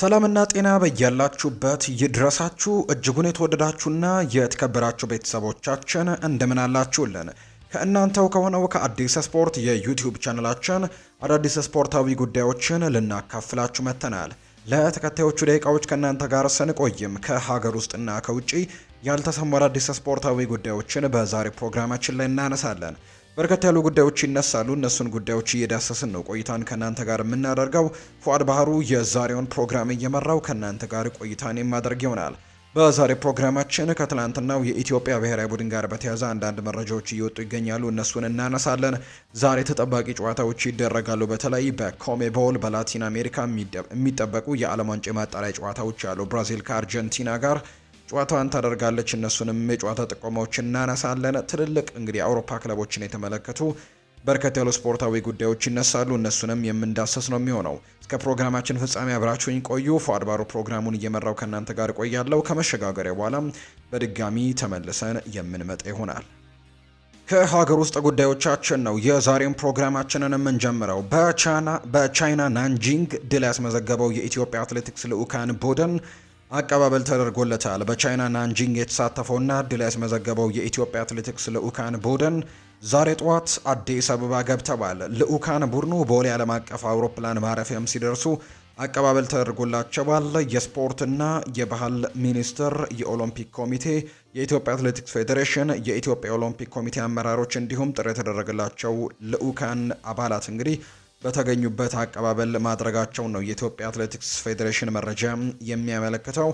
ሰላምና ጤና በያላችሁበት ይድረሳችሁ። እጅጉን የተወደዳችሁና የተከበራችሁ ቤተሰቦቻችን እንደምን አላችሁልን? ከእናንተው ከሆነው ከአዲስ ስፖርት የዩቲዩብ ቻነላችን አዳዲስ ስፖርታዊ ጉዳዮችን ልናካፍላችሁ መጥተናል። ለተከታዮቹ ደቂቃዎች ከእናንተ ጋር ስንቆይም ከሀገር ውስጥና ከውጪ ያልተሰሙ አዳዲስ ስፖርታዊ ጉዳዮችን በዛሬ ፕሮግራማችን ላይ እናነሳለን። በርከት ያሉ ጉዳዮች ይነሳሉ። እነሱን ጉዳዮች እየዳሰስን ነው ቆይታን ከእናንተ ጋር የምናደርገው። ፏድ ባህሩ የዛሬውን ፕሮግራም እየመራው ከእናንተ ጋር ቆይታን የማደርግ ይሆናል። በዛሬ ፕሮግራማችን ከትላንትናው የኢትዮጵያ ብሔራዊ ቡድን ጋር በተያያዘ አንዳንድ መረጃዎች እየወጡ ይገኛሉ። እነሱን እናነሳለን። ዛሬ ተጠባቂ ጨዋታዎች ይደረጋሉ። በተለይ በኮሜቦል በላቲን አሜሪካ የሚጠበቁ የዓለም ዋንጫ ማጣሪያ ጨዋታዎች አሉ። ብራዚል ከአርጀንቲና ጋር ጨዋታዋን ታደርጋለች። እነሱንም የጨዋታ ጥቆማዎች እናነሳለን። ትልልቅ እንግዲህ አውሮፓ ክለቦችን የተመለከቱ በርከት ያሉ ስፖርታዊ ጉዳዮች ይነሳሉ። እነሱንም የምንዳሰስ ነው የሚሆነው። እስከ ፕሮግራማችን ፍጻሜ አብራችሁኝ ቆዩ። ፏድ ፕሮግራሙን እየመራው ከእናንተ ጋር ቆያለው። ከመሸጋገሪያ በኋላም በድጋሚ ተመልሰን የምንመጣ ይሆናል። ከሀገር ውስጥ ጉዳዮቻችን ነው የዛሬውን ፕሮግራማችንን የምንጀምረው። በቻይና ናንጂንግ ድል ያስመዘገበው የኢትዮጵያ አትሌቲክስ ልዑካን ቡድን አቀባበል ተደርጎለታል። በቻይና ናንጂንግ የተሳተፈውና ድል ያስመዘገበው የኢትዮጵያ አትሌቲክስ ልዑካን ቡድን ዛሬ ጠዋት አዲስ አበባ ገብተዋል። ልዑካን ቡድኑ ቦሌ ዓለም አቀፍ አውሮፕላን ማረፊያም ሲደርሱ አቀባበል ተደርጎላቸዋል። የስፖርትና የባህል ሚኒስቴር፣ የኦሎምፒክ ኮሚቴ፣ የኢትዮጵያ አትሌቲክስ ፌዴሬሽን፣ የኢትዮጵያ ኦሎምፒክ ኮሚቴ አመራሮች እንዲሁም ጥሪ የተደረገላቸው ልዑካን አባላት እንግዲህ በተገኙበት አቀባበል ማድረጋቸውን ነው የኢትዮጵያ አትሌቲክስ ፌዴሬሽን መረጃ የሚያመለክተው።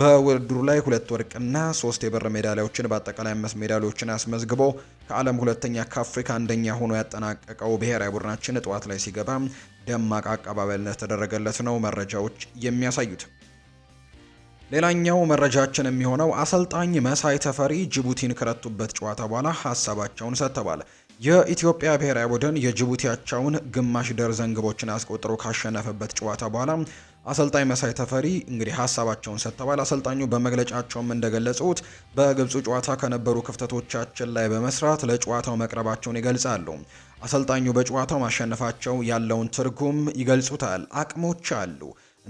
በውድድሩ ላይ ሁለት ወርቅና ሶስት የብር ሜዳሊያዎችን በአጠቃላይ አምስት ሜዳሊያዎችን አስመዝግቦ ከዓለም ሁለተኛ ከአፍሪካ አንደኛ ሆኖ ያጠናቀቀው ብሔራዊ ቡድናችን ጠዋት ላይ ሲገባ ደማቅ አቀባበል እንደተደረገለት ነው መረጃዎች የሚያሳዩት። ሌላኛው መረጃችን የሚሆነው አሰልጣኝ መሳይ ተፈሪ ጅቡቲን ከረቱበት ጨዋታ በኋላ ሀሳባቸውን ሰጥተዋል። የኢትዮጵያ ብሔራዊ ቡድን የጅቡቲ ግማሽ ደርዘን ግቦችን አስቆጥሮ ካሸነፈበት ጨዋታ በኋላ አሰልጣኝ መሳይ ተፈሪ እንግዲህ ሀሳባቸውን ሰጥተዋል። አሰልጣኙ በመግለጫቸውም እንደገለጹት በግብፁ ጨዋታ ከነበሩ ክፍተቶቻችን ላይ በመስራት ለጨዋታው መቅረባቸውን ይገልጻሉ። አሰልጣኙ በጨዋታው ማሸነፋቸው ያለውን ትርጉም ይገልጹታል። አቅሞች አሉ።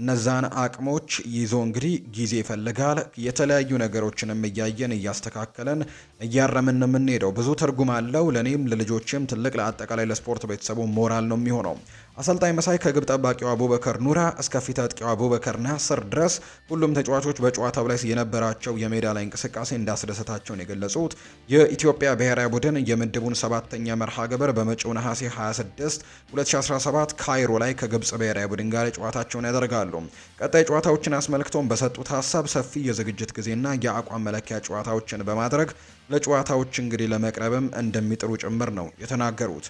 እነዛን አቅሞች ይዞ እንግዲህ ጊዜ ይፈልጋል። የተለያዩ ነገሮችንም እያየን እያስተካከለን እያረምን ነው የምንሄደው። ብዙ ትርጉም አለው። ለእኔም ለልጆችም ትልቅ ለአጠቃላይ ለስፖርት ቤተሰቡ ሞራል ነው የሚሆነው። አሰልጣኝ መሳይ ከግብ ጠባቂው አቡበከር ኑራ እስከ ፊት አጥቂው አቡበከር ናስር ድረስ ሁሉም ተጫዋቾች በጨዋታው ላይ የነበራቸው የሜዳ ላይ እንቅስቃሴ እንዳስደሰታቸውን የገለጹት የኢትዮጵያ ብሔራዊ ቡድን የምድቡን ሰባተኛ መርሃ ግብር በመጪው ነሐሴ 26 2017 ካይሮ ላይ ከግብፅ ብሔራዊ ቡድን ጋር ጨዋታቸውን ያደርጋሉ። ቀጣይ ጨዋታዎችን አስመልክቶም በሰጡት ሀሳብ ሰፊ የዝግጅት ጊዜና የአቋም መለኪያ ጨዋታዎችን በማድረግ ለጨዋታዎች እንግዲህ ለመቅረብም እንደሚጥሩ ጭምር ነው የተናገሩት።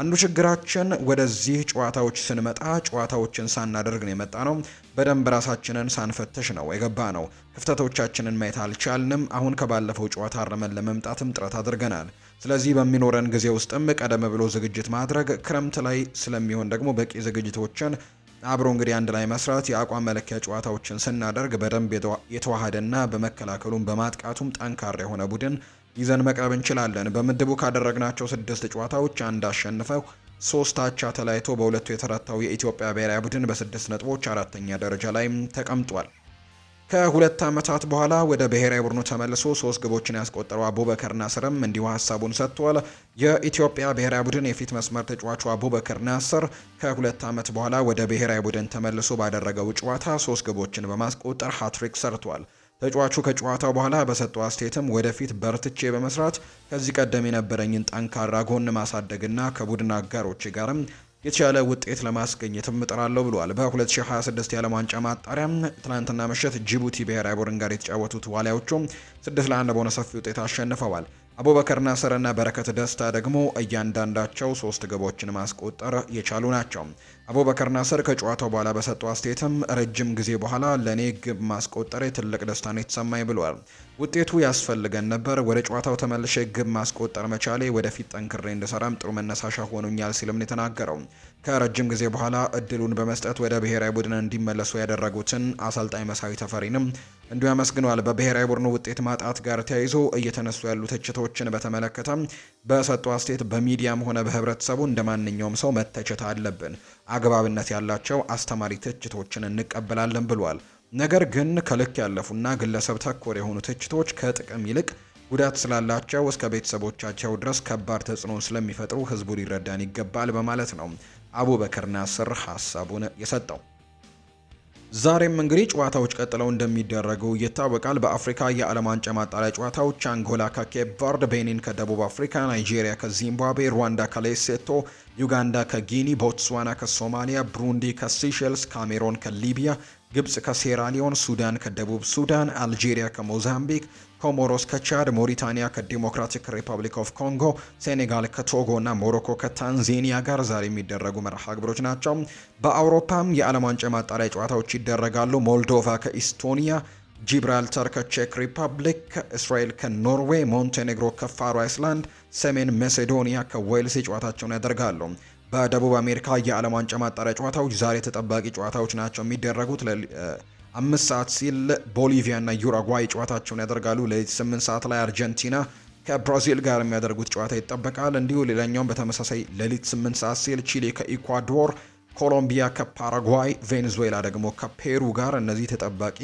አንዱ ችግራችን ወደዚህ ጨዋታዎች ስንመጣ ጨዋታዎችን ሳናደርግ ነው የመጣ ነው። በደንብ ራሳችንን ሳንፈተሽ ነው የገባ ነው። ክፍተቶቻችንን ማየት አልቻልንም። አሁን ከባለፈው ጨዋታ አርመን ለመምጣትም ጥረት አድርገናል። ስለዚህ በሚኖረን ጊዜ ውስጥም ቀደም ብሎ ዝግጅት ማድረግ፣ ክረምት ላይ ስለሚሆን ደግሞ በቂ ዝግጅቶችን አብሮ እንግዲህ አንድ ላይ መስራት፣ የአቋም መለኪያ ጨዋታዎችን ስናደርግ በደንብ የተዋሃደና በመከላከሉም በማጥቃቱም ጠንካራ የሆነ ቡድን ይዘን መቅረብ እንችላለን። በምድቡ ካደረግናቸው ስድስት ጨዋታዎች አንድ አሸንፈው ሶስት አቻ ተለያይቶ በሁለቱ የተረታው የኢትዮጵያ ብሔራዊ ቡድን በስድስት ነጥቦች አራተኛ ደረጃ ላይ ተቀምጧል። ከሁለት ዓመታት በኋላ ወደ ብሔራዊ ቡድኑ ተመልሶ ሶስት ግቦችን ያስቆጠረው አቡበከር ናስርም እንዲሁ ሀሳቡን ሰጥቷል። የኢትዮጵያ ብሔራዊ ቡድን የፊት መስመር ተጫዋቹ አቡበከር ናስር ከሁለት ዓመት በኋላ ወደ ብሔራዊ ቡድን ተመልሶ ባደረገው ጨዋታ ሶስት ግቦችን በማስቆጠር ሀትሪክ ሰርቷል። ተጫዋቹ ከጨዋታው በኋላ በሰጠው አስተያየትም ወደፊት በርትቼ በመስራት ከዚህ ቀደም የነበረኝን ጠንካራ ጎን ማሳደግና ከቡድን አጋሮች ጋርም የተሻለ ውጤት ለማስገኘትም እጥራለሁ ብሏል። በ2026 የዓለም ዋንጫ ማጣሪያ ትናንትና ምሽት ጅቡቲ ብሔራዊ ቡድን ጋር የተጫወቱት ዋሊያዎቹ ስድስት ለአንድ በሆነ ሰፊ ውጤት አሸንፈዋል። አቡበከር ናስርና በረከት ደስታ ደግሞ እያንዳንዳቸው ሶስት ግቦችን ማስቆጠር የቻሉ ናቸው። አቡበከር ናሰር ከጨዋታው በኋላ በሰጠው አስተያየትም ረጅም ጊዜ በኋላ ለእኔ ግብ ማስቆጠር ትልቅ ደስታ ነው የተሰማኝ ብሏል። ውጤቱ ያስፈልገን ነበር። ወደ ጨዋታው ተመልሼ ግብ ማስቆጠር መቻሌ ወደፊት ጠንክሬ እንድሰራም ጥሩ መነሳሻ ሆኖኛል ሲልም ነው የተናገረው። ከረጅም ጊዜ በኋላ እድሉን በመስጠት ወደ ብሔራዊ ቡድን እንዲመለሱ ያደረጉትን አሰልጣኝ መሳይ ተፈሪንም እንዲሁ ያመስግነዋል። በብሔራዊ ቡድኑ ውጤት ማጣት ጋር ተያይዞ እየተነሱ ያሉ ትችቶችን በተመለከተ በሰጡ አስተያየት በሚዲያም ሆነ በህብረተሰቡ እንደ ማንኛውም ሰው መተቸት አለብን፣ አግባብነት ያላቸው አስተማሪ ትችቶችን እንቀበላለን ብሏል። ነገር ግን ከልክ ያለፉና ግለሰብ ተኮር የሆኑ ትችቶች ከጥቅም ይልቅ ጉዳት ስላላቸው እስከ ቤተሰቦቻቸው ድረስ ከባድ ተጽዕኖ ስለሚፈጥሩ ህዝቡ ሊረዳን ይገባል በማለት ነው አቡበክር ናስር ሀሳቡን የሰጠው። ዛሬም እንግዲህ ጨዋታዎች ቀጥለው እንደሚደረጉ ይታወቃል። በአፍሪካ የዓለም ዋንጫ ማጣሪያ ጨዋታዎች አንጎላ ከኬፕ ቨርድ፣ ቤኒን ከደቡብ አፍሪካ፣ ናይጄሪያ ከዚምባብዌ፣ ሩዋንዳ ከሌሴቶ፣ ዩጋንዳ ከጊኒ፣ ቦትስዋና ከሶማሊያ፣ ብሩንዲ ከሲሼልስ፣ ካሜሮን ከሊቢያ፣ ግብጽ ከሴራሊዮን፣ ሱዳን ከደቡብ ሱዳን፣ አልጄሪያ ከሞዛምቢክ፣ ኮሞሮስ ከቻድ፣ ሞሪታንያ ከዲሞክራቲክ ሪፐብሊክ ኦፍ ኮንጎ፣ ሴኔጋል ከቶጎ እና ሞሮኮ ከታንዜኒያ ጋር ዛሬ የሚደረጉ መርሃ ግብሮች ናቸው። በአውሮፓም የዓለም ዋንጫ ማጣሪያ ጨዋታዎች ይደረጋሉ። ሞልዶቫ ከኢስቶኒያ፣ ጂብራልተር ከቼክ ሪፐብሊክ፣ እስራኤል ከኖርዌይ፣ ሞንቴኔግሮ ከፋሮ አይስላንድ፣ ሰሜን መሴዶኒያ ከዌልስ ጨዋታቸውን ያደርጋሉ። በደቡብ አሜሪካ የዓለም ዋንጫ ማጣሪያ ጨዋታዎች ዛሬ ተጠባቂ ጨዋታዎች ናቸው የሚደረጉት። አምስት ሰዓት ሲል ቦሊቪያ እና ዩራጓይ ጨዋታቸውን ያደርጋሉ። ሌሊት ስምንት ሰዓት ላይ አርጀንቲና ከብራዚል ጋር የሚያደርጉት ጨዋታ ይጠበቃል። እንዲሁ ሌላኛውም በተመሳሳይ ሌሊት ስምንት ሰዓት ሲል ቺሊ ከኢኳዶር፣ ኮሎምቢያ ከፓራጓይ፣ ቬኔዙዌላ ደግሞ ከፔሩ ጋር እነዚህ ተጠባቂ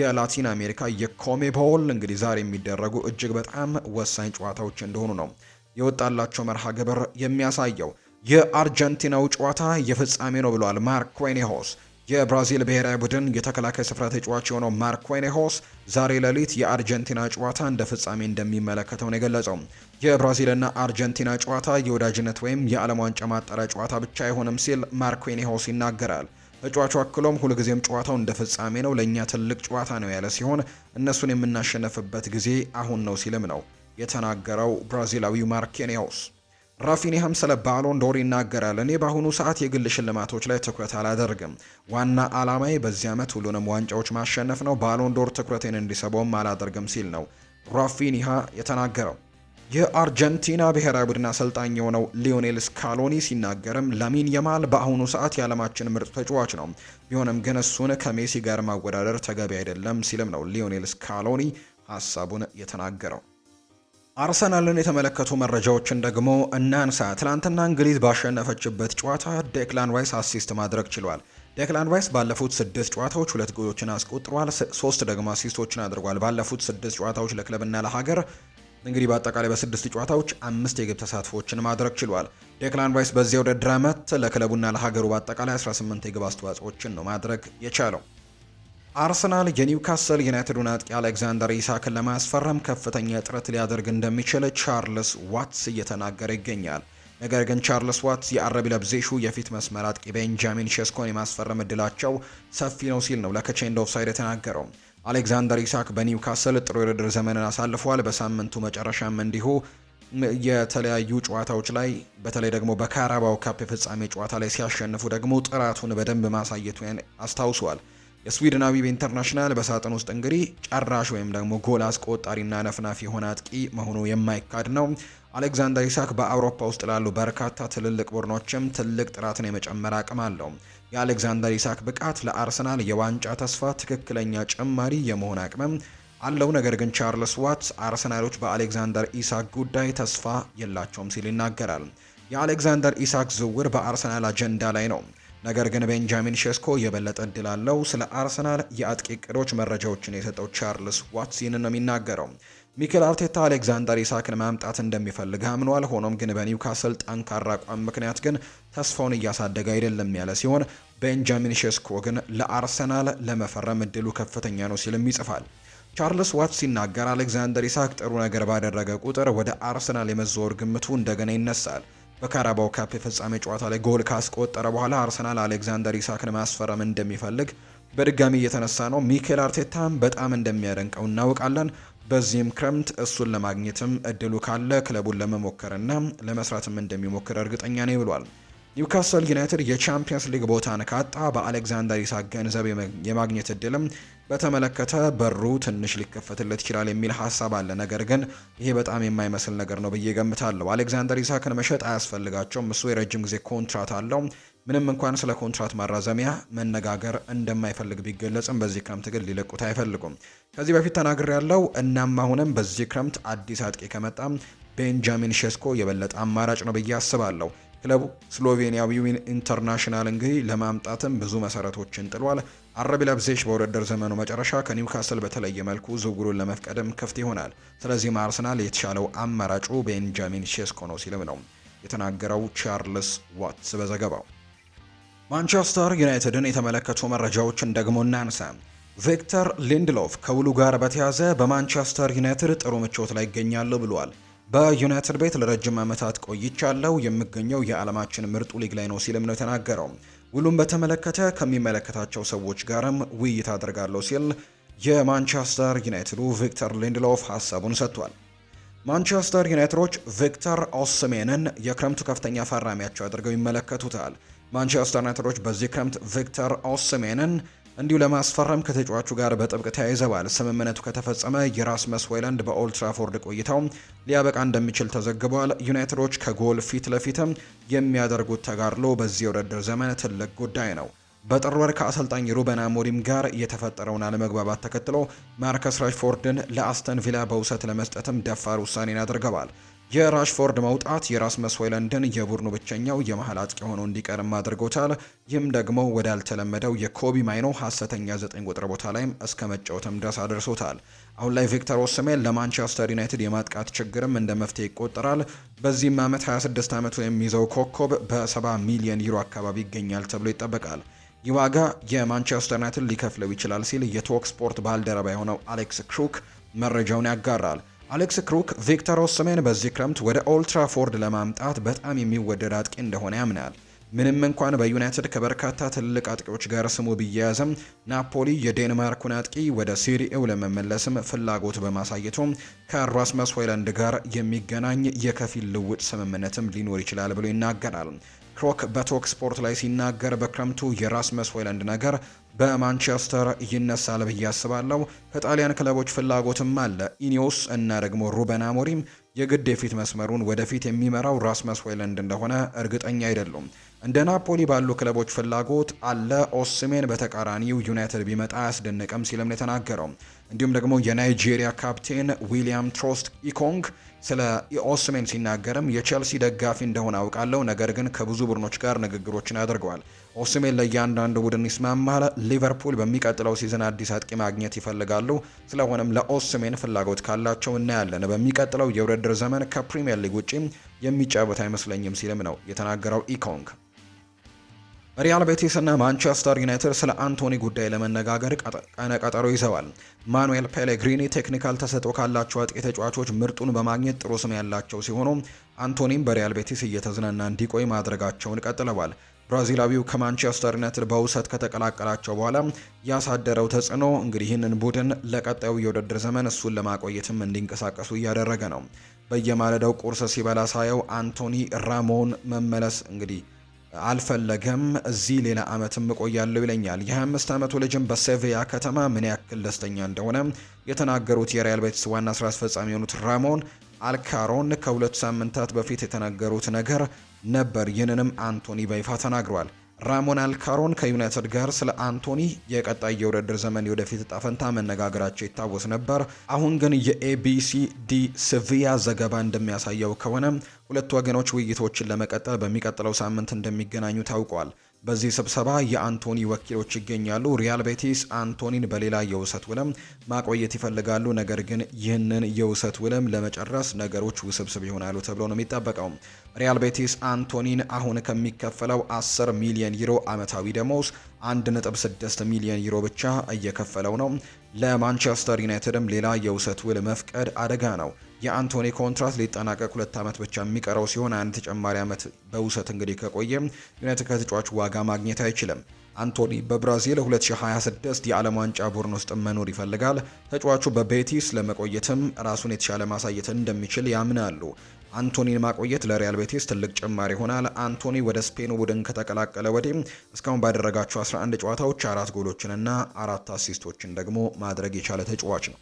የላቲን አሜሪካ የኮሜቦል እንግዲህ ዛሬ የሚደረጉ እጅግ በጣም ወሳኝ ጨዋታዎች እንደሆኑ ነው የወጣላቸው መርሃ ግብር የሚያሳየው። የአርጀንቲናው ጨዋታ የፍጻሜ ነው ብሏል ማርኮኔሆስ። የብራዚል ብሔራዊ ቡድን የተከላካይ ስፍራ ተጫዋች የሆነው ማርኮኔሆስ ዛሬ ሌሊት የአርጀንቲና ጨዋታ እንደ ፍጻሜ እንደሚመለከተው ነው የገለጸው። የብራዚልና አርጀንቲና ጨዋታ የወዳጅነት ወይም የዓለም ዋንጫ ማጣሪያ ጨዋታ ብቻ አይሆንም ሲል ማርኮኔሆስ ይናገራል። ተጫዋቹ አክሎም ሁልጊዜም ጨዋታው እንደ ፍጻሜ ነው፣ ለእኛ ትልቅ ጨዋታ ነው ያለ ሲሆን እነሱን የምናሸነፍበት ጊዜ አሁን ነው ሲልም ነው የተናገረው ብራዚላዊው ማርኮኔሆስ። ራፊኒያም ስለ ባሎን ዶር ይናገራል። እኔ በአሁኑ ሰዓት የግል ሽልማቶች ላይ ትኩረት አላደርግም። ዋና ዓላማዬ በዚህ ዓመት ሁሉንም ዋንጫዎች ማሸነፍ ነው። ባሎን ዶር ትኩረቴን እንዲሰበውም አላደርግም ሲል ነው ራፊኒሃ የተናገረው። የአርጀንቲና ብሔራዊ ቡድን አሰልጣኝ የሆነው ሊዮኔል ስካሎኒ ሲናገርም ላሚን የማል በአሁኑ ሰዓት የዓለማችን ምርጥ ተጫዋች ነው፣ ቢሆንም ግን እሱን ከሜሲ ጋር ማወዳደር ተገቢ አይደለም ሲልም ነው ሊዮኔል ስካሎኒ ሀሳቡን የተናገረው። አርሰናልን የተመለከቱ መረጃዎችን ደግሞ እናንሳ። ትላንትና እንግሊዝ ባሸነፈችበት ጨዋታ ዴክላን ራይስ አሲስት ማድረግ ችሏል። ዴክላን ራይስ ባለፉት ስድስት ጨዋታዎች ሁለት ጎሎችን አስቆጥሯል፣ ሶስት ደግሞ አሲስቶችን አድርጓል። ባለፉት ስድስት ጨዋታዎች ለክለብና ለሀገር እንግዲህ በአጠቃላይ በስድስት ጨዋታዎች አምስት የግብ ተሳትፎችን ማድረግ ችሏል። ዴክላን ራይስ በዚያ ውድድር ዓመት ለክለቡና ለሀገሩ በአጠቃላይ 18 የግብ አስተዋጽኦችን ነው ማድረግ የቻለው። አርሰናል የኒውካስል ዩናይትዱን አጥቂ አሌክዛንደር ኢሳክን ለማስፈረም ከፍተኛ ጥረት ሊያደርግ እንደሚችል ቻርልስ ዋትስ እየተናገረ ይገኛል። ነገር ግን ቻርልስ ዋትስ የአረቢ ለብዜሹ የፊት መስመር አጥቂ ቤንጃሚን ሼስኮን የማስፈረም እድላቸው ሰፊ ነው ሲል ነው ለከቼንድ ኦፍሳይድ የተናገረው። አሌክዛንደር ኢሳክ በኒውካስል ጥሩ የውድድር ዘመንን አሳልፏል። በሳምንቱ መጨረሻም እንዲሁ የተለያዩ ጨዋታዎች ላይ በተለይ ደግሞ በካራባው ካፕ የፍጻሜ ጨዋታ ላይ ሲያሸንፉ ደግሞ ጥራቱን በደንብ ማሳየቱን አስታውሷል። የስዊድናዊ ኢንተርናሽናል በሳጥን ውስጥ እንግዲህ ጨራሽ ወይም ደግሞ ጎል አስቆጣሪና ነፍናፊ የሆነ አጥቂ መሆኑ የማይካድ ነው። አሌክዛንደር ኢሳክ በአውሮፓ ውስጥ ላሉ በርካታ ትልልቅ ቡድኖችም ትልቅ ጥራትን የመጨመር አቅም አለው። የአሌክዛንደር ኢሳክ ብቃት ለአርሰናል የዋንጫ ተስፋ ትክክለኛ ጭማሪ የመሆን አቅምም አለው። ነገር ግን ቻርልስ ዋትስ አርሰናሎች በአሌክዛንደር ኢሳክ ጉዳይ ተስፋ የላቸውም ሲል ይናገራል። የአሌክዛንደር ኢሳክ ዝውውር በአርሰናል አጀንዳ ላይ ነው። ነገር ግን ቤንጃሚን ሼስኮ የበለጠ እድል አለው። ስለ አርሰናል የአጥቂ እቅዶች መረጃዎችን የሰጠው ቻርልስ ይህንን ነው የሚናገረው። ሚኬል አርቴታ አሌክዛንደር ኢሳክን ማምጣት እንደሚፈልግ አምኗል። ሆኖም ግን በኒውካስል ጠንካራ አቋም ምክንያት ግን ተስፋውን እያሳደገ አይደለም ያለ ሲሆን፣ ቤንጃሚን ሼስኮ ግን ለአርሰናል ለመፈረም እድሉ ከፍተኛ ነው ሲልም ይጽፋል። ቻርልስ ዋት ሲናገር አሌክዛንደር ኢሳክ ጥሩ ነገር ባደረገ ቁጥር ወደ አርሰናል የመዘወር ግምቱ እንደገና ይነሳል። በካራባው ካፕ የፍጻሜ ጨዋታ ላይ ጎል ካስቆጠረ በኋላ አርሰናል አሌክዛንደር ኢሳክን ማስፈረም እንደሚፈልግ በድጋሚ እየተነሳ ነው። ሚኬል አርቴታም በጣም እንደሚያደንቀው እናውቃለን። በዚህም ክረምት እሱን ለማግኘትም እድሉ ካለ ክለቡን ለመሞከርና ለመስራትም እንደሚሞክር እርግጠኛ ነኝ ብሏል። ኒውካስል ዩናይትድ የቻምፒየንስ ሊግ ቦታን ካጣ በአሌክዛንደር ኢሳክ ገንዘብ የማግኘት እድልም በተመለከተ በሩ ትንሽ ሊከፈትለት ይችላል የሚል ሀሳብ አለ። ነገር ግን ይሄ በጣም የማይመስል ነገር ነው ብዬ ገምታለሁ። አሌክዛንደር ኢሳክን መሸጥ አያስፈልጋቸውም። እሱ የረጅም ጊዜ ኮንትራት አለው። ምንም እንኳን ስለ ኮንትራት ማራዘሚያ መነጋገር እንደማይፈልግ ቢገለጽም በዚህ ክረምት ግን ሊለቁት አይፈልጉም። ከዚህ በፊት ተናግር ያለው እናም አሁንም በዚህ ክረምት አዲስ አጥቂ ከመጣም ቤንጃሚን ሼስኮ የበለጠ አማራጭ ነው ብዬ አስባለሁ። ክለቡ ስሎቬኒያዊውን ኢንተርናሽናል እንግዲህ ለማምጣትም ብዙ መሰረቶችን ጥሏል። አረብ ለብዜሽ በውድድር ዘመኑ መጨረሻ ከኒውካስል በተለየ መልኩ ዝውውሩን ለመፍቀድም ክፍት ይሆናል። ስለዚህም አርሰናል የተሻለው አማራጩ ቤንጃሚን ሼስኮ ነው ሲልም ነው የተናገረው ቻርልስ ዋትስ በዘገባው። ማንቸስተር ዩናይትድን የተመለከቱ መረጃዎችን ደግሞ እናንሳ። ቪክተር ሊንድሎፍ ከውሉ ጋር በተያዘ በማንቸስተር ዩናይትድ ጥሩ ምቾት ላይ ይገኛሉ ብሏል። በዩናይትድ ቤት ለረጅም ዓመታት ቆይቻለሁ፣ የምገኘው የዓለማችን ምርጡ ሊግ ላይ ነው ሲልም ነው የተናገረው። ውሉን በተመለከተ ከሚመለከታቸው ሰዎች ጋርም ውይይት አድርጋለሁ ሲል የማንቸስተር ዩናይትዱ ቪክተር ሊንድሎፍ ሀሳቡን ሰጥቷል። ማንቸስተር ዩናይትዶች ቪክተር ኦስሜንን የክረምቱ ከፍተኛ ፈራሚያቸው አድርገው ይመለከቱታል። ማንቸስተር ዩናይትዶች በዚህ ክረምት ቪክተር ኦስሜንን እንዲሁ ለማስፈረም ከተጫዋቹ ጋር በጥብቅ ተያይዘዋል። ስምምነቱ ከተፈጸመ የራስመስ ሆይላንድ በኦልትራፎርድ ቆይታው ሊያበቃ እንደሚችል ተዘግቧል። ዩናይትዶች ከጎል ፊት ለፊትም የሚያደርጉት ተጋድሎ በዚህ የውድድር ዘመን ትልቅ ጉዳይ ነው። በጥር ወር ከአሰልጣኝ ሩበን አሞሪም ጋር የተፈጠረውን አለመግባባት ተከትሎ ማርከስ ራሽፎርድን ለአስተን ቪላ በውሰት ለመስጠትም ደፋር ውሳኔን አድርገዋል። የራሽፎርድ መውጣት የራስመስ ሆይለንድን የቡድኑ ብቸኛው የመሀል አጥቂ ሆኖ እንዲቀርም አድርጎታል። ይህም ደግሞ ወዳልተለመደው የኮቢ ማይኖ ሀሰተኛ ዘጠኝ ቁጥር ቦታ ላይም እስከ መጫወትም ድረስ አድርሶታል። አሁን ላይ ቪክተር ኦስሜን ለማንቸስተር ዩናይትድ የማጥቃት ችግርም እንደ መፍትሄ ይቆጠራል። በዚህም ዓመት 26 ዓመቱ የሚይዘው ኮከብ በ70 ሚሊዮን ዩሮ አካባቢ ይገኛል ተብሎ ይጠበቃል። ይህ ዋጋ የማንቸስተር ዩናይትድ ሊከፍለው ይችላል ሲል የቶክ ስፖርት ባልደረባ የሆነው አሌክስ ክሩክ መረጃውን ያጋራል። አሌክስ ክሩክ ቪክተር ኦስሜን በዚህ ክረምት ወደ ኦልትራፎርድ ለማምጣት በጣም የሚወደድ አጥቂ እንደሆነ ያምናል። ምንም እንኳን በዩናይትድ ከበርካታ ትልቅ አጥቂዎች ጋር ስሙ ቢያያዝም ናፖሊ የዴንማርኩን አጥቂ ወደ ሲሪኤው ለመመለስም ፍላጎት በማሳየቱ ከራስመስ ሆይላንድ ጋር የሚገናኝ የከፊል ልውጥ ስምምነትም ሊኖር ይችላል ብሎ ይናገራል። ክሮክ በቶክ ስፖርት ላይ ሲናገር በክረምቱ የራስመስ ሆይለንድ ነገር በማንቸስተር ይነሳል ብዬ አስባለሁ። ከጣሊያን ክለቦች ፍላጎትም አለ። ኢኒዮስ እና ደግሞ ሩበን አሞሪም የግድ የፊት መስመሩን ወደፊት የሚመራው ራስመስ ሆይለንድ እንደሆነ እርግጠኛ አይደሉም። እንደ ናፖሊ ባሉ ክለቦች ፍላጎት አለ። ኦስሜን በተቃራኒው ዩናይትድ ቢመጣ አያስደንቅም ሲልም ነው የተናገረው። እንዲሁም ደግሞ የናይጄሪያ ካፕቴን ዊሊያም ትሮስት ኢኮንግ ስለ ኦስሜን ሲናገርም የቼልሲ ደጋፊ እንደሆነ አውቃለሁ፣ ነገር ግን ከብዙ ቡድኖች ጋር ንግግሮችን አድርገዋል። ኦስሜን ለእያንዳንዱ ቡድን ይስማማል። ሊቨርፑል በሚቀጥለው ሲዝን አዲስ አጥቂ ማግኘት ይፈልጋሉ። ስለሆነም ለኦስሜን ፍላጎት ካላቸው እናያለን። በሚቀጥለው የውድድር ዘመን ከፕሪምየር ሊግ ውጪ የሚጫወት አይመስለኝም ሲልም ነው የተናገረው ኢኮንግ። ሪያል ቤቲስ እና ማንቸስተር ዩናይትድ ስለ አንቶኒ ጉዳይ ለመነጋገር ቀነ ቀጠሮ ይዘዋል። ማኑኤል ፔሌግሪኒ ቴክኒካል ተሰጥኦ ካላቸው አጥቂ ተጫዋቾች ምርጡን በማግኘት ጥሩ ስም ያላቸው ሲሆኑ አንቶኒም በሪያል ቤቲስ እየተዝናና እንዲቆይ ማድረጋቸውን ቀጥለዋል። ብራዚላዊው ከማንቸስተር ዩናይትድ በውሰት ከተቀላቀላቸው በኋላ ያሳደረው ተጽዕኖ እንግዲህ ይህንን ቡድን ለቀጣዩ የውድድር ዘመን እሱን ለማቆየትም እንዲንቀሳቀሱ እያደረገ ነው። በየማለዳው ቁርስ ሲበላ ሳየው አንቶኒ ራሞን መመለስ እንግዲህ አልፈለገም። እዚህ ሌላ ዓመት እቆያለሁ ይለኛል። የ25 ዓመቱ ልጅም በሴቪያ ከተማ ምን ያክል ደስተኛ እንደሆነ የተናገሩት የሪያል ቤትስ ዋና ስራ አስፈጻሚ የሆኑት ራሞን አልካሮን ከሁለት ሳምንታት በፊት የተናገሩት ነገር ነበር። ይህንንም አንቶኒ በይፋ ተናግሯል። ራሞን አልካሮን ከዩናይትድ ጋር ስለ አንቶኒ የቀጣይ የውድድር ዘመን የወደፊት እጣ ፈንታ መነጋገራቸው ይታወስ ነበር። አሁን ግን የኤቢሲ ዲ ስቪያ ዘገባ እንደሚያሳየው ከሆነ ሁለቱ ወገኖች ውይይቶችን ለመቀጠል በሚቀጥለው ሳምንት እንደሚገናኙ ታውቋል። በዚህ ስብሰባ የአንቶኒ ወኪሎች ይገኛሉ። ሪያል ቤቲስ አንቶኒን በሌላ የውሰት ውልም ማቆየት ይፈልጋሉ። ነገር ግን ይህንን የውሰት ውልም ለመጨረስ ነገሮች ውስብስብ ይሆናሉ ተብሎ ነው የሚጠበቀው። ሪያል ቤቲስ አንቶኒን አሁን ከሚከፈለው 10 ሚሊዮን ዩሮ ዓመታዊ ደሞዝ 1.6 ሚሊዮን ዩሮ ብቻ እየከፈለው ነው። ለማንቸስተር ዩናይትድም ሌላ የውሰት ውል መፍቀድ አደጋ ነው። የአንቶኒ ኮንትራት ሊጠናቀቅ ሁለት ዓመት ብቻ የሚቀረው ሲሆን አንድ ተጨማሪ ዓመት በውሰት እንግዲህ ከቆየ ዩናይትድ ከተጫዋቹ ዋጋ ማግኘት አይችልም። አንቶኒ በብራዚል 2026 የዓለም ዋንጫ ቡድን ውስጥ መኖር ይፈልጋል። ተጫዋቹ በቤቲስ ለመቆየትም ራሱን የተሻለ ማሳየት እንደሚችል ያምናሉ። አንቶኒን ማቆየት ለሪያል ቤቲስ ትልቅ ጭማሪ ይሆናል። አንቶኒ ወደ ስፔኑ ቡድን ከተቀላቀለ ወዲህ እስካሁን ባደረጋቸው 11 ጨዋታዎች አራት ጎሎችንና አራት አሲስቶችን ደግሞ ማድረግ የቻለ ተጫዋች ነው።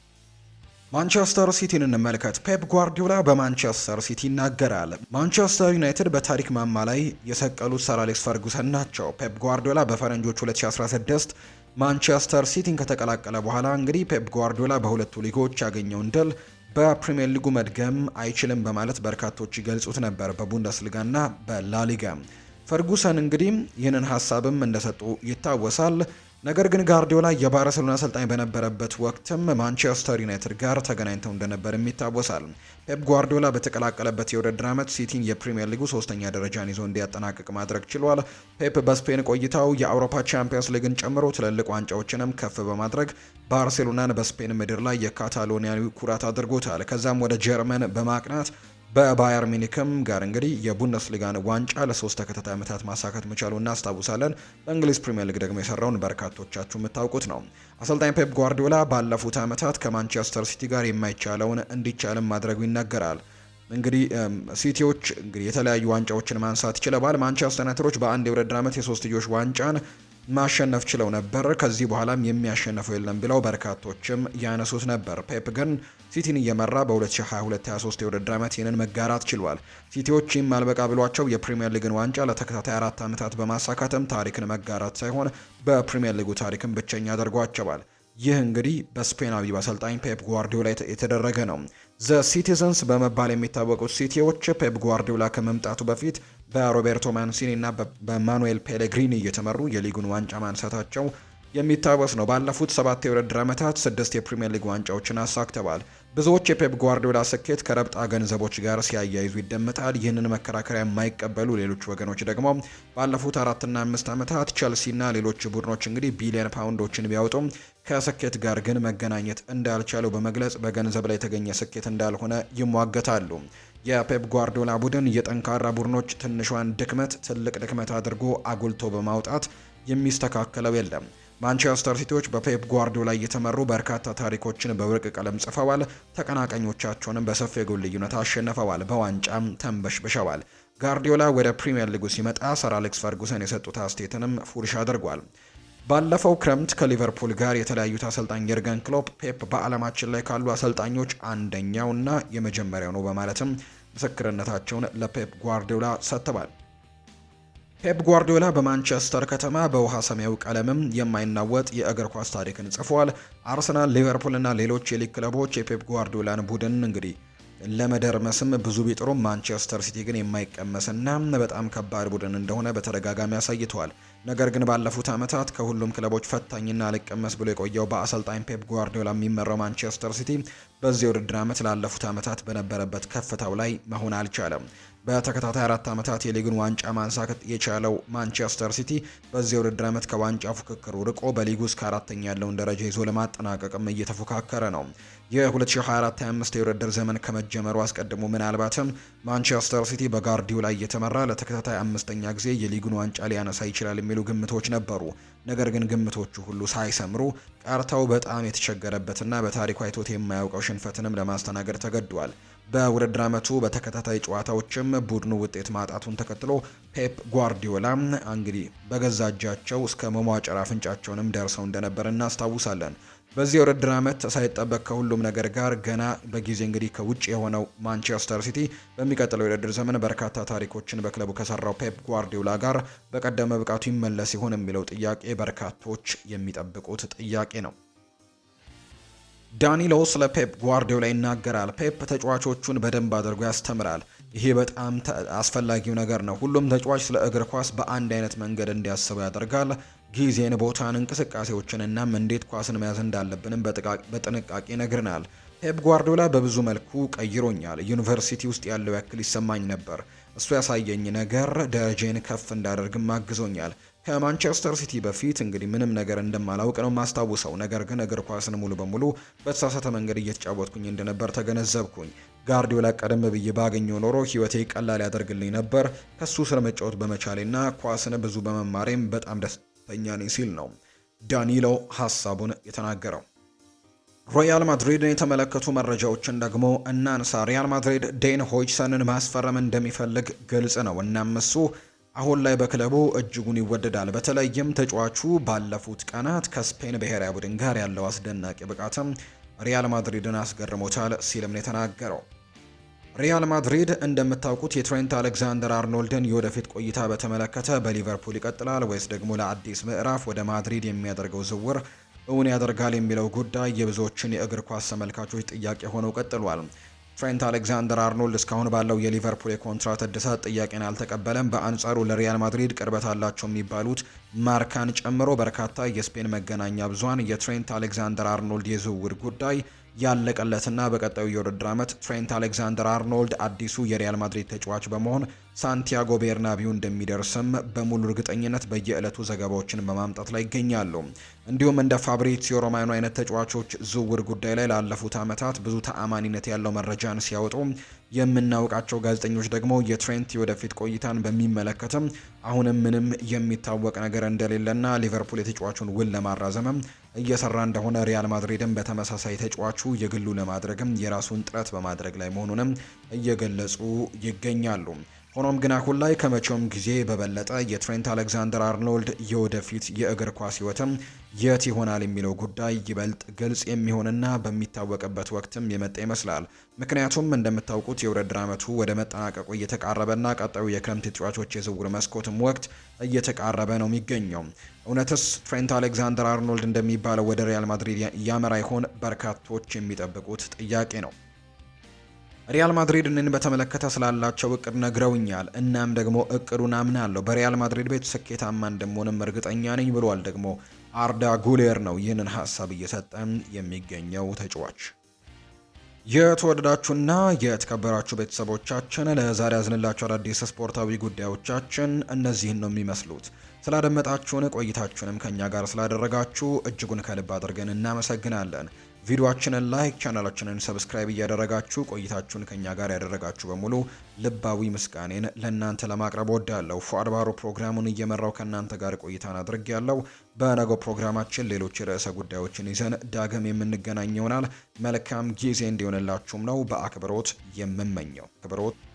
ማንቸስተር ሲቲን እንመልከት። ፔፕ ጓርዲዮላ በማንቸስተር ሲቲ ይናገራል። ማንቸስተር ዩናይትድ በታሪክ ማማ ላይ የሰቀሉት ሰር አሌክስ ፈርጉሰን ናቸው። ፔፕ ጓርዲዮላ በፈረንጆች 2016 ማንቸስተር ሲቲን ከተቀላቀለ በኋላ እንግዲህ ፔፕ ጓርዲዮላ በሁለቱ ሊጎች ያገኘውን ድል በፕሪምየር ሊጉ መድገም አይችልም በማለት በርካቶች ይገልጹት ነበር በቡንደስሊጋና በላሊጋ። ፈርጉሰን እንግዲህ ይህንን ሀሳብም እንደሰጡ ይታወሳል። ነገር ግን ጋርዲዮላ የባርሰሎና አሰልጣኝ በነበረበት ወቅትም ማንቸስተር ዩናይትድ ጋር ተገናኝተው እንደነበር ይታወሳል። ፔፕ ጓርዲዮላ በተቀላቀለበት የውድድር ዓመት ሲቲን የፕሪምየር ሊጉ ሶስተኛ ደረጃን ይዞ እንዲያጠናቅቅ ማድረግ ችሏል። ፔፕ በስፔን ቆይታው የአውሮፓ ቻምፒየንስ ሊግን ጨምሮ ትልልቅ ዋንጫዎችንም ከፍ በማድረግ ባርሴሎናን በስፔን ምድር ላይ የካታሎኒያዊ ኩራት አድርጎታል። ከዛም ወደ ጀርመን በማቅናት በባየር ሚኒክም ጋር እንግዲህ የቡንደስሊጋን ዋንጫ ለሶስት ተከታታይ ዓመታት ማሳካት መቻሉ እናስታውሳለን። በእንግሊዝ ፕሪምየር ሊግ ደግሞ የሰራውን በርካቶቻችሁ የምታውቁት ነው። አሰልጣኝ ፔፕ ጓርዲዮላ ባለፉት ዓመታት ከማንቸስተር ሲቲ ጋር የማይቻለውን እንዲቻልም ማድረጉ ይነገራል። እንግዲህ ሲቲዎች እንግዲህ የተለያዩ ዋንጫዎችን ማንሳት ይችለባል። ማንቸስተር ዩናይትዶች በአንድ የውድድር ዓመት የሶስትዮሽ ዋንጫን ማሸነፍ ችለው ነበር። ከዚህ በኋላም የሚያሸንፈው የለም ብለው በርካቶችም ያነሱት ነበር። ፔፕ ግን ሲቲን እየመራ በ2022/23 የውድድር ዓመት ይህንን መጋራት ችሏል። ሲቲዎች ይህም አልበቃ ብሏቸው የፕሪምየር ሊግን ዋንጫ ለተከታታይ አራት ዓመታት በማሳካተም ታሪክን መጋራት ሳይሆን በፕሪምየር ሊጉ ታሪክን ብቸኛ አድርጓቸዋል። ይህ እንግዲህ በስፔናዊ አሰልጣኝ ፔፕ ጓርዲዮላ የተደረገ ነው። ዘ ሲቲዘንስ በመባል የሚታወቁት ሲቲዎች ፔፕ ጓርዲዮላ ከመምጣቱ በፊት በሮቤርቶ ማንሲኒ እና በማኑኤል ፔሌግሪኒ እየተመሩ የሊጉን ዋንጫ ማንሳታቸው የሚታወስ ነው። ባለፉት ሰባት የውድድር ዓመታት ስድስት የፕሪምየር ሊግ ዋንጫዎችን አሳክተዋል። ብዙዎች የፔፕ ጓርዲዮላ ስኬት ከረብጣ ገንዘቦች ጋር ሲያያይዙ ይደመጣል። ይህንን መከራከሪያ የማይቀበሉ ሌሎች ወገኖች ደግሞ ባለፉት አራትና አምስት ዓመታት ቸልሲና ሌሎች ቡድኖች እንግዲህ ቢሊዮን ፓውንዶችን ቢያወጡም ከስኬት ጋር ግን መገናኘት እንዳልቻሉ በመግለጽ በገንዘብ ላይ የተገኘ ስኬት እንዳልሆነ ይሟገታሉ። የፔፕ ጓርዲዮላ ቡድን የጠንካራ ቡድኖች ትንሿን ድክመት ትልቅ ድክመት አድርጎ አጉልቶ በማውጣት የሚስተካከለው የለም። ማንቸስተር ሲቲዎች በፔፕ ጓርዲዮላ እየተመሩ በርካታ ታሪኮችን በወርቅ ቀለም ጽፈዋል። ተቀናቃኞቻቸውንም በሰፊ የጎል ልዩነት አሸንፈዋል፣ በዋንጫም ተንበሽብሸዋል። ጋርዲዮላ ወደ ፕሪምየር ሊጉ ሲመጣ ሰር አሌክስ ፈርጉሰን የሰጡት አስቴትንም ፉርሽ አድርጓል። ባለፈው ክረምት ከሊቨርፑል ጋር የተለያዩት አሰልጣኝ የርገን ክሎፕ ፔፕ በዓለማችን ላይ ካሉ አሰልጣኞች አንደኛውና የመጀመሪያው ነው በማለትም ምስክርነታቸውን ለፔፕ ጓርዲዮላ ሰጥተዋል። ፔፕ ጓርዲዮላ በማንቸስተር ከተማ በውሃ ሰማያዊ ቀለምም የማይናወጥ የእግር ኳስ ታሪክን ጽፏል። አርሰናል፣ ሊቨርፑል እና ሌሎች የሊግ ክለቦች የፔፕ ጓርዲዮላን ቡድን እንግዲህ ለመደርመስም ብዙ ቢጥሩም ማንቸስተር ሲቲ ግን የማይቀመስና በጣም ከባድ ቡድን እንደሆነ በተደጋጋሚ አሳይተዋል። ነገር ግን ባለፉት ዓመታት ከሁሉም ክለቦች ፈታኝና አልቀመስ ብሎ የቆየው በአሰልጣኝ ፔፕ ጓርዲዮላ የሚመራው ማንቸስተር ሲቲ በዚህ ውድድር ዓመት ላለፉት ዓመታት በነበረበት ከፍታው ላይ መሆን አልቻለም። በተከታታይ አራት ዓመታት የሊግን ዋንጫ ማንሳት የቻለው ማንቸስተር ሲቲ በዚህ ውድድር ዓመት ከዋንጫ ፉክክሩ ርቆ በሊግ ውስጥ አራተኛ ያለውን ደረጃ ይዞ ለማጠናቀቅም እየተፎካከረ ነው። የ2024-25 የውድድር ዘመን ከመጀመሩ አስቀድሞ ምናልባትም ማንቸስተር ሲቲ ላይ እየተመራ ለተከታታይ አምስተኛ ጊዜ የሊጉን ዋንጫ ሊያነሳ ይችላል የሚሉ ግምቶች ነበሩ። ነገር ግን ግምቶቹ ሁሉ ሳይሰምሩ ቀርተው በጣም የተቸገረበትና በታሪኩ አይቶት የማያውቀው ሽንፈትንም ለማስተናገድ ተገዷል። በውድድር ዓመቱ በተከታታይ ጨዋታዎችም ቡድኑ ውጤት ማጣቱን ተከትሎ ፔፕ ጓርዲዮላ እንግዲህ በገዛ እጃቸው እስከ መሟጨር አፍንጫቸውንም ደርሰው እንደነበር እናስታውሳለን። በዚህ የውድድር ዓመት ሳይጠበቅ ከሁሉም ነገር ጋር ገና በጊዜ እንግዲህ ከውጭ የሆነው ማንቸስተር ሲቲ በሚቀጥለው የውድድር ዘመን በርካታ ታሪኮችን በክለቡ ከሰራው ፔፕ ጓርዲዮላ ጋር በቀደመ ብቃቱ ይመለስ ይሆን የሚለው ጥያቄ በርካቶች የሚጠብቁት ጥያቄ ነው። ዳኒሎ ስለ ፔፕ ጓርዲዮላ ይናገራል። ፔፕ ተጫዋቾቹን በደንብ አድርጎ ያስተምራል። ይሄ በጣም አስፈላጊው ነገር ነው። ሁሉም ተጫዋች ስለ እግር ኳስ በአንድ አይነት መንገድ እንዲያስበው ያደርጋል። ጊዜን፣ ቦታን፣ እንቅስቃሴዎችንናም እንዴት ኳስን መያዝ እንዳለብንም በጥንቃቄ ነግርናል። ፔፕ ጓርዲዮላ በብዙ መልኩ ቀይሮኛል። ዩኒቨርሲቲ ውስጥ ያለው ያክል ይሰማኝ ነበር። እሱ ያሳየኝ ነገር ደረጃዬን ከፍ እንዳደርግም አግዞኛል። ከማንቸስተር ሲቲ በፊት እንግዲህ ምንም ነገር እንደማላውቅ ነው ማስታውሰው። ነገር ግን እግር ኳስን ሙሉ በሙሉ በተሳሳተ መንገድ እየተጫወትኩኝ እንደነበር ተገነዘብኩኝ። ጋርዲዮላ ቀደም ብዬ ባገኘው ኖሮ ህይወቴ ቀላል ያደርግልኝ ነበር። ከሱ ስር መጫወት በመቻሌና ኳስን ብዙ በመማሬም በጣም ደስ ደስተኛ ነኝ ሲል ነው ዳኒሎ ሀሳቡን የተናገረው። ሮያል ማድሪድን የተመለከቱ መረጃዎችን ደግሞ እናንሳ። ሪያል ማድሪድ ዴን ሆጅሰንን ማስፈረም እንደሚፈልግ ግልጽ ነው። እናም እሱ አሁን ላይ በክለቡ እጅጉን ይወደዳል። በተለይም ተጫዋቹ ባለፉት ቀናት ከስፔን ብሔራዊ ቡድን ጋር ያለው አስደናቂ ብቃትም ሪያል ማድሪድን አስገርሞታል ሲልም ነው የተናገረው። ሪያል ማድሪድ እንደምታውቁት የትሬንት አሌክዛንደር አርኖልድን የወደፊት ቆይታ በተመለከተ በሊቨርፑል ይቀጥላል ወይስ ደግሞ ለአዲስ ምዕራፍ ወደ ማድሪድ የሚያደርገው ዝውውር እውን ያደርጋል የሚለው ጉዳይ የብዙዎችን የእግር ኳስ ተመልካቾች ጥያቄ ሆነው ቀጥሏል። ትሬንት አሌክዛንደር አርኖልድ እስካሁን ባለው የሊቨርፑል የኮንትራት እድሳት ጥያቄን አልተቀበለም። በአንጻሩ ለሪያል ማድሪድ ቅርበት አላቸው የሚባሉት ማርካን ጨምሮ በርካታ የስፔን መገናኛ ብዙን የትሬንት አሌክዛንደር አርኖልድ የዝውውር ጉዳይ ያለቀለትና በቀጣዩ የውድድር ዓመት ትሬንት አሌክዛንደር አርኖልድ አዲሱ የሪያል ማድሪድ ተጫዋች በመሆን ሳንቲያጎ ቤርናቢው እንደሚደርስም በሙሉ እርግጠኝነት በየዕለቱ ዘገባዎችን በማምጣት ላይ ይገኛሉ። እንዲሁም እንደ ፋብሪሲዮ ሮማኖ አይነት ተጫዋቾች ዝውውር ጉዳይ ላይ ላለፉት ዓመታት ብዙ ተአማኒነት ያለው መረጃን ሲያወጡ የምናውቃቸው ጋዜጠኞች ደግሞ የትሬንት የወደፊት ቆይታን በሚመለከትም አሁንም ምንም የሚታወቅ ነገር እንደሌለና ሊቨርፑል የተጫዋቹን ውል ለማራዘምም እየሰራ እንደሆነ፣ ሪያል ማድሪድም በተመሳሳይ ተጫዋቹ የግሉ ለማድረግም የራሱን ጥረት በማድረግ ላይ መሆኑንም እየገለጹ ይገኛሉ። ሆኖም ግን አሁን ላይ ከመቼውም ጊዜ በበለጠ የትሬንት አሌክዛንደር አርኖልድ የወደፊት የእግር ኳስ ህይወትም የት ይሆናል የሚለው ጉዳይ ይበልጥ ግልጽ የሚሆንና በሚታወቅበት ወቅትም የመጣ ይመስላል። ምክንያቱም እንደምታውቁት የውድድር ዓመቱ ወደ መጠናቀቁ እየተቃረበና ቀጣዩ የክረምት ተጫዋቾች የዝውውር መስኮትም ወቅት እየተቃረበ ነው የሚገኘው። እውነትስ ትሬንት አሌክዛንደር አርኖልድ እንደሚባለው ወደ ሪያል ማድሪድ ያመራ ይሆን? በርካቶች የሚጠብቁት ጥያቄ ነው። ሪያል ማድሪድ እንን በተመለከተ ስላላቸው እቅድ ነግረውኛል። እናም ደግሞ እቅዱን አምናለሁ። በሪያል ማድሪድ ቤት ስኬታማ እንደምሆንም እርግጠኛ ነኝ ብሏል። ደግሞ አርዳ ጉሌር ነው ይህንን ሀሳብ እየሰጠም የሚገኘው ተጫዋች። የተወደዳችሁና የተከበራችሁ ቤተሰቦቻችን ለዛሬ ያዝንላችሁ አዳዲስ ስፖርታዊ ጉዳዮቻችን እነዚህን ነው የሚመስሉት። ስላደመጣችሁን ቆይታችሁንም ከእኛ ጋር ስላደረጋችሁ እጅጉን ከልብ አድርገን እናመሰግናለን። ቪዲዮአችንን ላይክ ቻናላችንን ሰብስክራይብ እያደረጋችሁ ቆይታችሁን ከኛ ጋር ያደረጋችሁ በሙሉ ልባዊ ምስጋኔን ለእናንተ ለማቅረብ ወዳለሁ። ፏአድባሮ ፕሮግራሙን እየመራው ከእናንተ ጋር ቆይታን አድርግ ያለው። በነገው ፕሮግራማችን ሌሎች ርዕሰ ጉዳዮችን ይዘን ዳግም የምንገናኝ ይሆናል። መልካም ጊዜ እንዲሆንላችሁም ነው በአክብሮት የምመኘው። አክብሮት